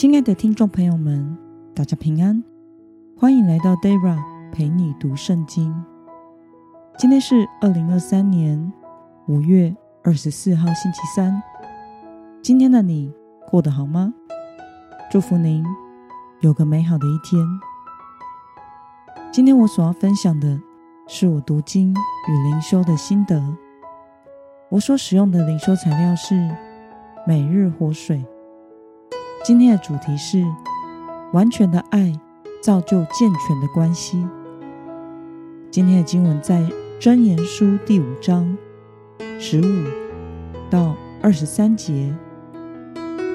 親愛的聽眾朋友們，大家平安，歡迎來到 Dara 陪你讀聖經。今天是二零二三年五月二十四號星期三。今天的你過得好嗎？祝福您有個美好的一天。今天我所要分享的是我讀經與靈修的心得。我所使用的靈修材料是《每日活水》。今天的主題是：完全的愛造就健全的關係。今天的經文在《箴言書》第五章十五到二十三節。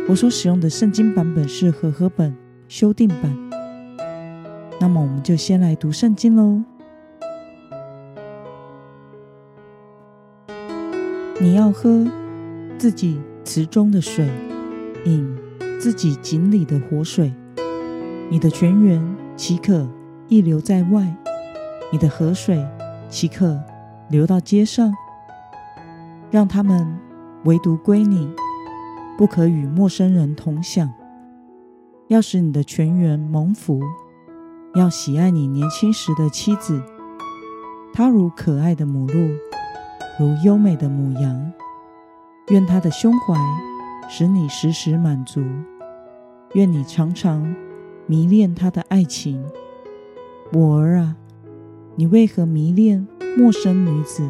我所使用的聖經版本是和合本修訂版。那麼，我們就先來讀聖經嘍。你要喝自己池中的水，飲自己井裏的活水，你的泉源豈可溢流在外？你的河水豈可流到街上？讓它們唯獨歸你，不可與陌生人同享。要使你的泉源蒙福，要喜愛你年輕時的妻子，她如可愛的母鹿，如優美的母羊，願她的胸懷使你時時滿足。願你常常迷戀他的愛情，我兒啊，你為何迷戀陌生女子？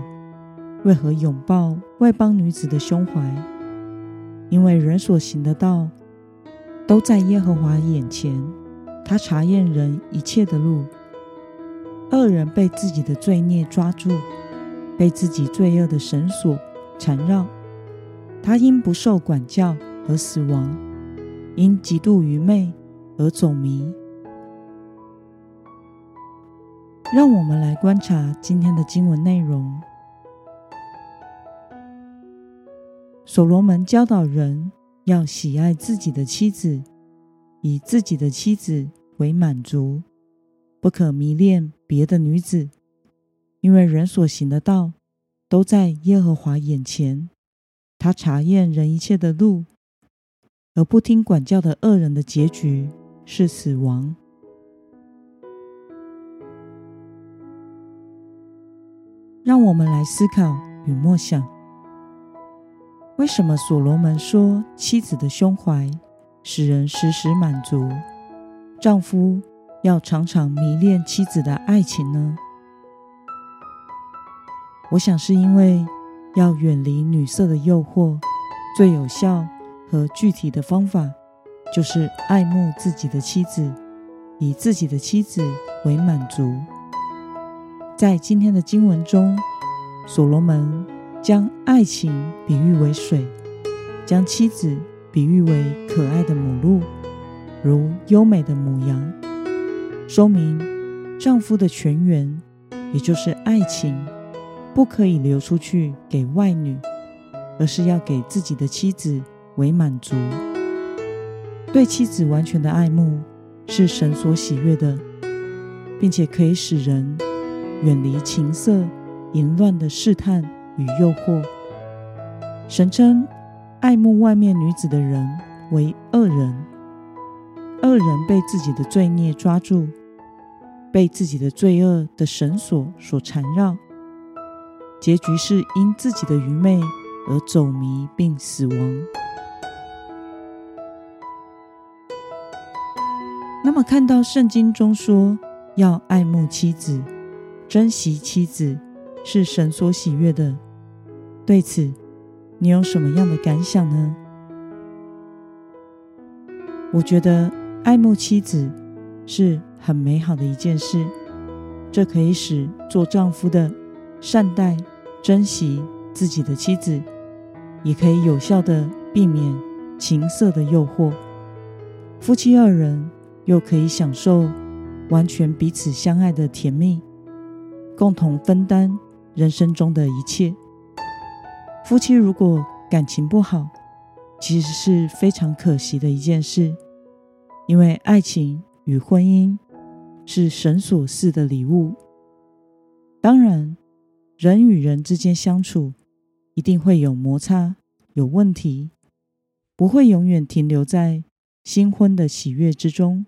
為何擁抱外邦女子的胸懷？因為人所行的道，都在耶和華眼前，他查驗人一切的路。惡人被自己的罪孽抓住，被自己罪惡的繩索纏繞，他因不受管教而死亡。因極度愚昧而走迷。讓我們來觀察今天的經文內容。所羅門教導人要喜愛自己的妻子，以自己的妻子為滿足，不可迷戀別的女子。因為人所行的道都在耶和華眼前，他察驗人一切的路。而不聽管教的惡人的結局是死亡。讓我們來思考與默想：為什麼所羅門說妻子的胸懷使人時時滿足，丈夫要常常迷戀妻子的愛情呢？我想是因為要遠離女色的誘惑，最有效和具體的方法，就是愛慕自己的妻子，以自己的妻子為滿足。在今天的經文中，所羅門將愛情比喻為水，將妻子比喻為可愛的母鹿，如優美的母羊，說明丈夫的泉源，也就是愛情，不可以流出去給外女，而是要給自己的妻子，為滿足。對妻子完全的愛慕是神所喜悅的，並且可以使人遠離情色淫亂的試探與誘惑。神稱愛慕外面女子的人為惡人，惡人被自己的罪孽抓住，被自己的罪惡的繩索所纏繞，結局是因自己的愚昧而走迷並死亡。那麼，看到聖經中說要愛慕妻子、珍惜妻子，是神所喜悅的。對此，你有什麼樣的感想呢？我覺得愛慕妻子是很美好的一件事，這可以使做丈夫的善待、珍惜自己的妻子，也可以有效的避免情色的誘惑。夫妻二人，又可以享受完全彼此相愛的甜蜜，共同分擔人生中的一切。夫妻如果感情不好，其實是非常可惜的一件事。因為愛情與婚姻是神所賜的禮物。當然，人與人之間相處一定會有摩擦、有問題，不會永遠停留在新婚的喜悅之中。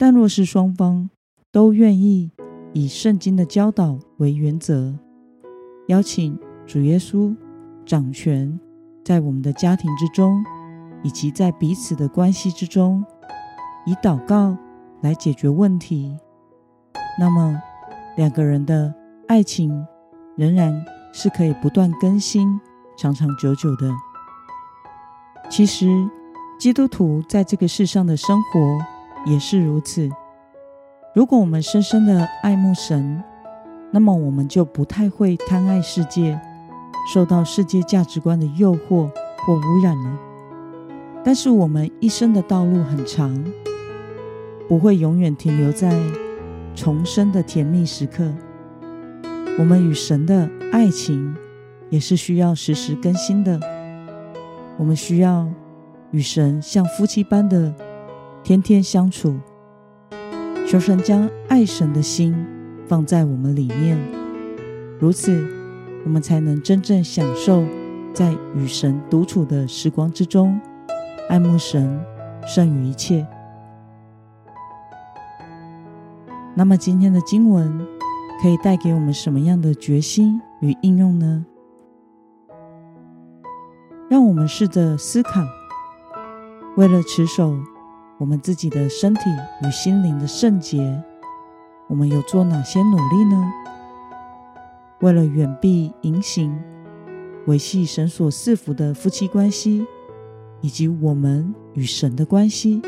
但若是雙方都願意以聖經的教導為原則，邀請主耶穌掌權在我們的家庭之中，以及在彼此的關係之中，以禱告來解決問題，那麼兩個人的愛情仍然是可以不斷更新、長長久久的。其實，基督徒在這個世上的生活，也是如此。如果我們深深的愛慕神，那麼我們就不太會貪愛世界，受到世界價值觀的誘惑或污染了。但是我們一生的道路很長，不會永遠停留在重生的甜蜜時刻。我們與神的愛情也是需要時時更新的。我們需要與神像夫妻般的天天相處，求神將愛神的心放在我們裡面，如此，我們才能真正享受在與神獨處的時光之中，愛慕神勝於一切。那麼，今天的經文可以帶給我們什麼樣的決心與應用呢？讓我們試着思考，為了持守。我們自己的身體與心靈的聖潔，我們有做哪些努力呢？為了遠避淫行，維繫神所賜福的夫妻關係，以及我們與神的關係，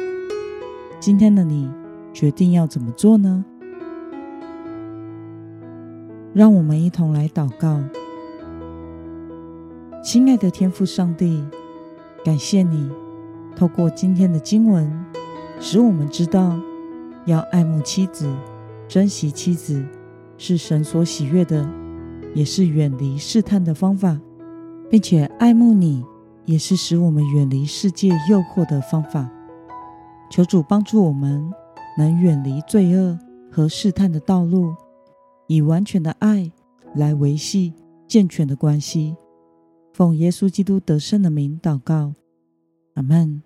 今天的你決定要怎麼做呢？讓我們一同來禱告。親愛的天父上帝，感謝你透過今天的經文。使我們知道，要愛慕妻子，珍惜妻子，是神所喜悅的，也是遠離試探的方法，並且愛慕你，也是使我們遠離世界誘惑的方法。求主幫助我們，能遠離罪惡和試探的道路，以完全的愛來維繫健全的關係。奉耶穌基督得勝的名禱告，阿門。